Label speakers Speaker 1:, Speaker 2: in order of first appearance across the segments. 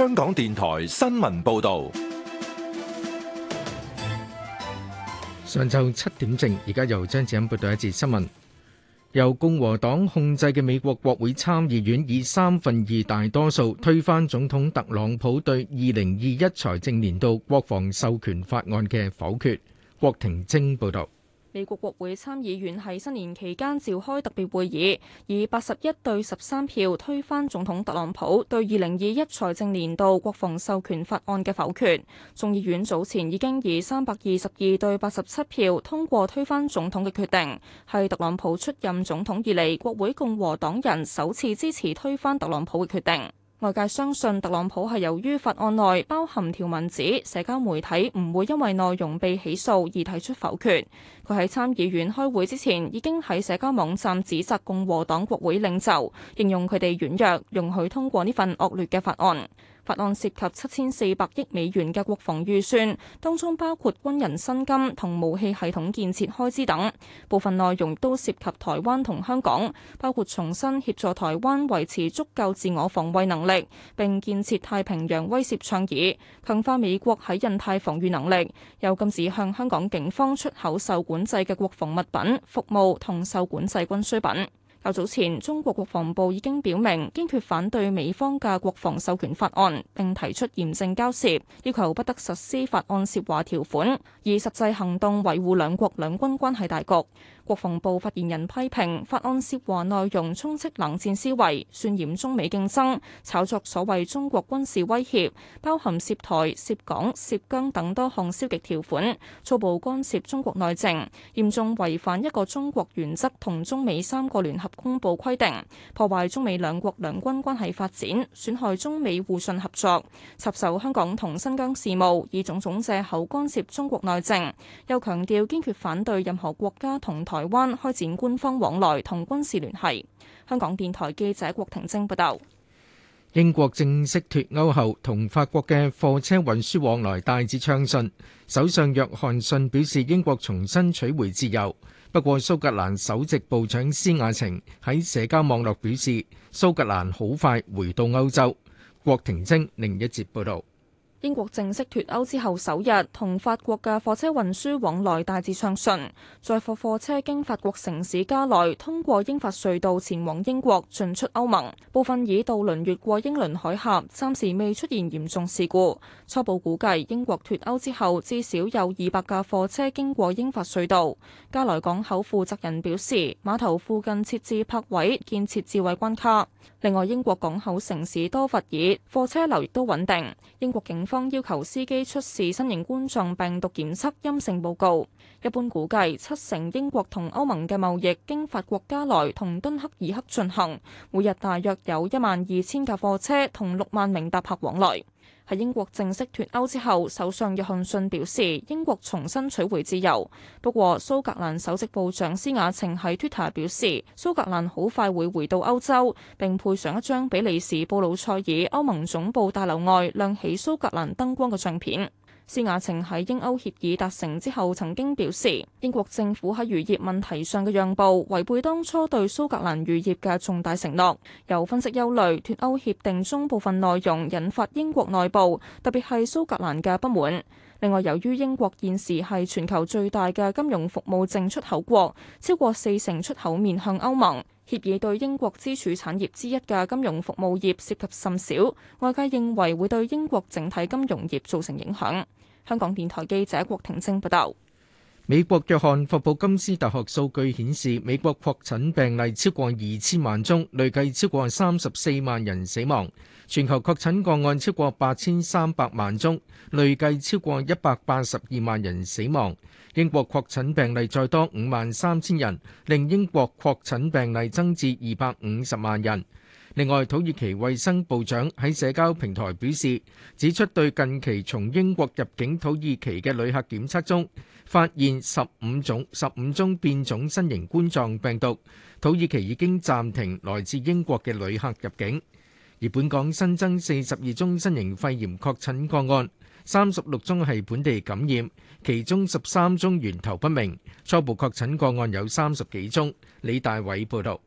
Speaker 1: 香港電台新聞報道，上
Speaker 2: 晝七點正，而家由張子欣報道一節新聞。由共和黨控制嘅美國國會參議院以三分二大多數推翻總統特朗普對二零二一財政年度國防授權法案嘅否決。郭庭晶報道。
Speaker 3: 美國國會參議院喺新年期間召開特別會議，以八十一對十三票推翻總統特朗普對二零二一財政年度國防授權法案嘅否決。眾議院早前已經以三百二十二對八十七票通過推翻總統嘅決定，係特朗普出任總統以嚟，國會共和黨人首次支持推翻特朗普嘅決定。外界相信特朗普係由於法案內包含條文指，指社交媒體唔會因為內容被起訴而提出否決。佢喺參議院開會之前，已經喺社交網站指責共和黨國會領袖，形容佢哋軟弱，容許通過呢份惡劣嘅法案。法案涉及七千四百億美元嘅國防預算，當中包括軍人薪金同武器系統建設開支等，部分內容都涉及台灣同香港，包括重新協助台灣維持足夠自我防衛能力，並建設太平洋威懾倡議，強化美國喺印太防禦能力，又禁止向香港警方出口受管制嘅國防物品、服務同受管制軍需品。較早前，中國國防部已經表明堅決反對美方嘅國防授權法案，並提出嚴正交涉，要求不得實施法案涉華條款，以實際行動維護兩國兩軍關係大局。國防部發言人批評法案涉華內容充斥冷戰思維，渲染中美競爭，炒作所謂中國軍事威脅，包含涉台、涉港、涉疆等多項消極條款，粗暴干涉中國內政，嚴重違反一個中國原則同中美三個聯合公報規定，破壞中美兩國兩軍關係發展，損害中美互信合作，插手香港同新疆事務，以種種借口干涉中國內政。又強調堅決反對任何國家同台。台灣開展官方往來同軍事聯繫。香港電台記者郭婷晶報道，
Speaker 2: 英國正式脫歐後，同法國嘅貨車運輸往來大致暢順。首相約翰遜表示，英國重新取回自由。不過，蘇格蘭首席部長施雅晴喺社交網絡表示，蘇格蘭好快回到歐洲。郭婷晶另一節報道。
Speaker 3: 英國正式脱歐之後首日，同法國嘅貨車運輸往來大致暢順。載貨貨車經法國城市加來通過英法隧道前往英國進出歐盟，部分已渡輪越過英倫海峽，暫時未出現嚴重事故。初步估計，英國脱歐之後至少有二百架貨車經過英法隧道。加來港口負責人表示，碼頭附近設置泊位，建設智慧關卡。另外，英國港口城市多佛爾貨車流亦都穩定。英國警方要求司機出示新型冠狀病毒檢測陰性報告。一般估計，七成英國同歐盟嘅貿易經法國、加來同敦刻爾克進行，每日大約有一萬二千架貨車同六萬名搭客往來。喺英國正式脫歐之後，首相約翰遜表示英國重新取回自由。不過蘇格蘭首席部長施雅晴喺 Twitter 表示，蘇格蘭好快會回到歐洲。並配上一張比利時布魯塞爾歐盟總部大樓外亮起蘇格蘭燈光嘅相片。施雅晴喺英歐協議達成之後，曾經表示英國政府喺漁業問題上嘅讓步，違背當初對蘇格蘭漁業嘅重大承諾。有分析憂慮，脫歐協定中部分內容引發英國內部，特別係蘇格蘭嘅不滿。另外，由於英國現時係全球最大嘅金融服務淨出口國，超過四成出口面向歐盟。協議對英國支柱產業之一嘅金融服務業涉及甚少，外界認為會對英國整體金融業造成影響。香港電台記者郭婷晶報道。
Speaker 2: 美國約翰霍普金斯大學數據顯示，美國確診病例超過二千萬宗，累計超過三十四萬人死亡；全球確診個案超過八千三百萬宗，累計超過一百八十二萬人死亡。英國確診病例再多五萬三千人，令英國確診病例增至二百五十萬人。另外，土耳其衛生部長喺社交平台表示，指出對近期從英國入境土耳其嘅旅客檢測中。發現十五種、十五宗變種新型冠狀病毒。土耳其已經暫停來自英國嘅旅客入境。而本港新增四十二宗新型肺炎確診個案，三十六宗係本地感染，其中十三宗源頭不明。
Speaker 1: 初步確診個案有三十幾宗。李大偉報道，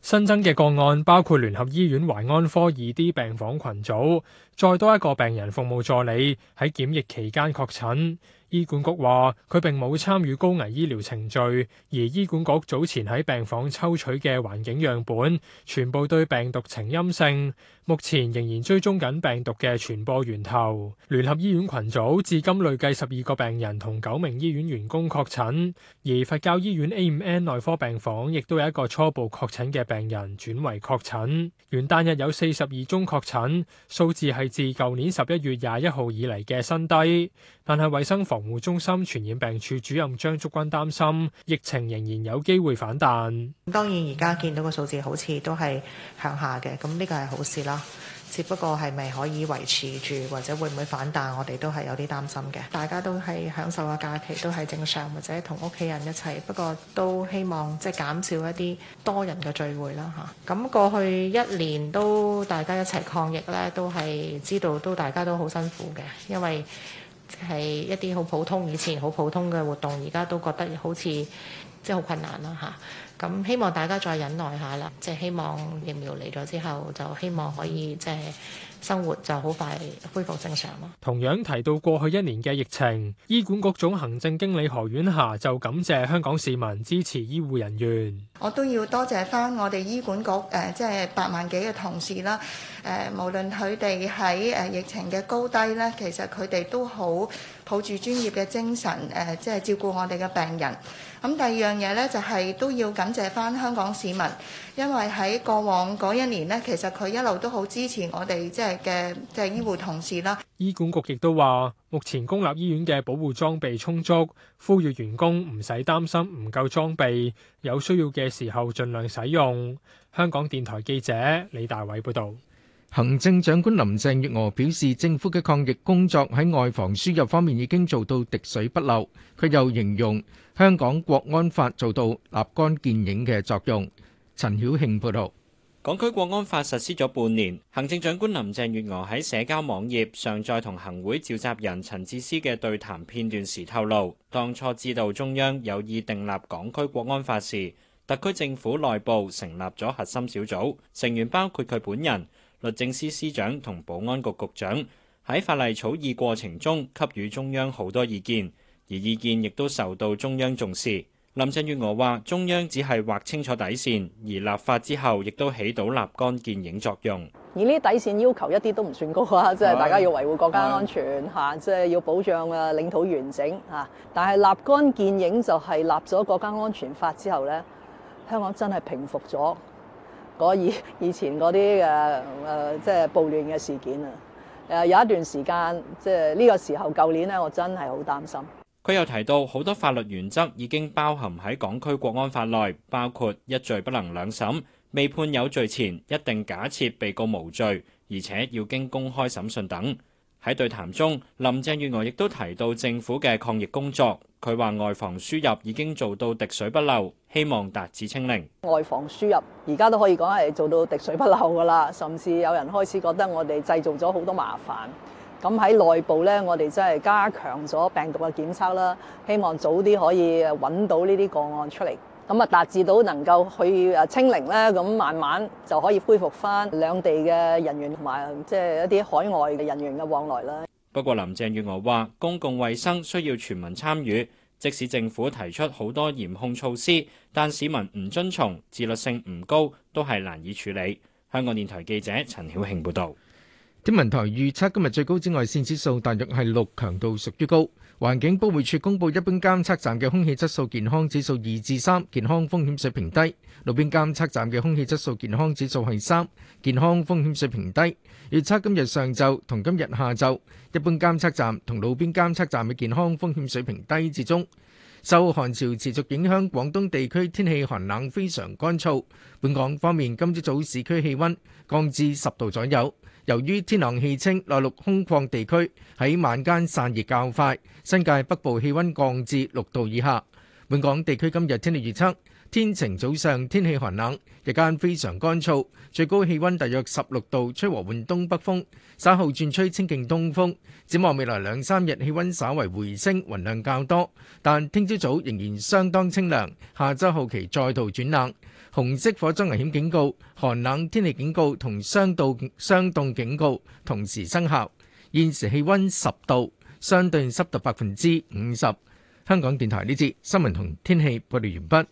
Speaker 1: 新增嘅個案包括聯合醫院懷安科二 D 病房群組，再多一個病人服務助理喺檢疫期間確診。醫管局話佢並冇參與高危醫療程序，而醫管局早前喺病房抽取嘅環境樣本全部對病毒呈陰性。目前仍然追蹤緊病毒嘅傳播源頭。聯合醫院群組至今累計十二個病人同九名醫院員員工確診，而佛教醫院 A 五 N 內科病房亦都有一個初步確診嘅病人轉為確診。元旦日有四十二宗確診，數字係自舊年十一月廿一號以嚟嘅新低。但係，衞生防護中心傳染病處主任張竹君擔心疫情仍然有機會反彈。
Speaker 3: 當然，而家見到個數字好似都係向下嘅，咁呢個係好事啦。只不過係咪可以維持住，或者會唔會反彈，我哋都係有啲擔心嘅。大家都係享受下假期，都係正常，或者同屋企人一齊。不過都希望即係減少一啲多人嘅聚會啦。嚇咁過去一年都大家一齊抗疫咧，都係知道都大家都好辛苦嘅，因為。即係一啲好普通，以前好普通嘅活動，而家都覺得好似即係好困難啦吓，咁、啊、希望大家再忍耐下啦，即係希望疫苗嚟咗之後，就希望可以即係。就是生活就好快恢復正常咯。
Speaker 1: 同樣提到過去一年嘅疫情，醫管局總行政經理何婉霞就感謝香港市民支持醫護人員，
Speaker 3: 我都要多謝翻我哋醫管局誒即係八萬幾嘅同事啦。誒、呃、無論佢哋喺誒疫情嘅高低咧，其實佢哋都好。抱住專業嘅精神，誒、呃，即係照顧我哋嘅病人。咁、嗯、第二樣嘢咧，就係、是、都要感謝返香港市民，因為喺過往嗰一年呢，其實佢一路都好支持我哋，即係嘅即係醫護同事啦。醫
Speaker 1: 管局亦都話，目前公立醫院嘅保護裝備充足，呼籲員工唔使擔心唔夠裝備，有需要嘅時候盡量使用。香港電台記者李大偉報導。
Speaker 2: 行政長官林鄭月娥表示，政府嘅抗疫工作喺外防輸入方面已經做到滴水不漏。佢又形容香港國安法做到立竿見影嘅作用。陳曉慶報道，
Speaker 4: 港區國安法實施咗半年，行政長官林鄭月娥喺社交網頁上載同行會召集人陳智思嘅對談片段時透露，當初知道中央有意訂立港區國安法時，特區政府內部成立咗核心小組，成員包括佢本人。律政司司長同保安局局長喺法例草擬過程中給予中央好多意見，而意見亦都受到中央重視。林鄭月娥話：中央只係劃清楚底線，而立法之後亦都起到立竿見影作用。
Speaker 5: 而呢啲底線要求一啲都唔算高啊，即係大家要維護國家安全吓，yeah. Yeah. 即係要保障啊領土完整吓。但係立竿見影就係立咗國家安全法之後呢，香港真係平復咗。以以前嗰啲誒誒，即係暴亂嘅事件啊，誒有一段時間，即係呢個時候，舊年呢，我真係好擔心。
Speaker 4: 佢又提到好多法律原則已經包含喺港區國安法內，包括一罪不能兩審、未判有罪前一定假設被告無罪，而且要經公開審訊等。喺對談中，林鄭月娥亦都提到政府嘅抗疫工作。佢話外防輸入已經做到滴水不漏，希望達至清零。
Speaker 5: 外防輸入而家都可以講係做到滴水不漏㗎喇，甚至有人開始覺得我哋製造咗好多麻煩。咁喺內部呢，我哋真係加強咗病毒嘅檢測啦，希望早啲可以揾到呢啲個案出嚟。咁啊，達至到能夠去誒清零啦，咁慢慢就可以恢復返兩地嘅人員同埋，即係一啲海外嘅人員嘅往來啦。
Speaker 4: 不過，林鄭月娥話，公共衛生需要全民參與，即使政府提出好多嚴控措施，但市民唔遵從，自律性唔高，都係難以處理。香港電台記者陳曉慶報導。
Speaker 2: 天文台預測今日最高紫外線指數大約係六，強度屬於高。環境保護署公布，一般監測站嘅空氣質素健康指數二至三，健康風險水平低；路邊監測站嘅空氣質素健康指數係三，健康風險水平低。預測今日上晝同今日下晝，一般監測站同路邊監測站嘅健康風險水平低至中。受寒潮持續影響，廣東地區天氣寒冷非常乾燥。本港方面，今朝早市區氣溫降至十度左右。由於天朗氣清、內陸空曠地區喺晚間散熱較快，新界北部氣溫降至六度以下。本港地區今日天氣預測。天晴，早上天氣寒冷，日間非常乾燥，最高氣温大約十六度，吹和緩東北風，稍後轉吹清勁東風。展望未來兩三日氣温稍為回升，雲量較多，但聽朝早仍然相當清涼。下週後期再度轉冷，紅色火災危險警告、寒冷天氣警告同霜凍霜凍警告同時生效。現時氣温十度，相對濕度百分之五十。香港電台呢節新聞同天氣報道完畢。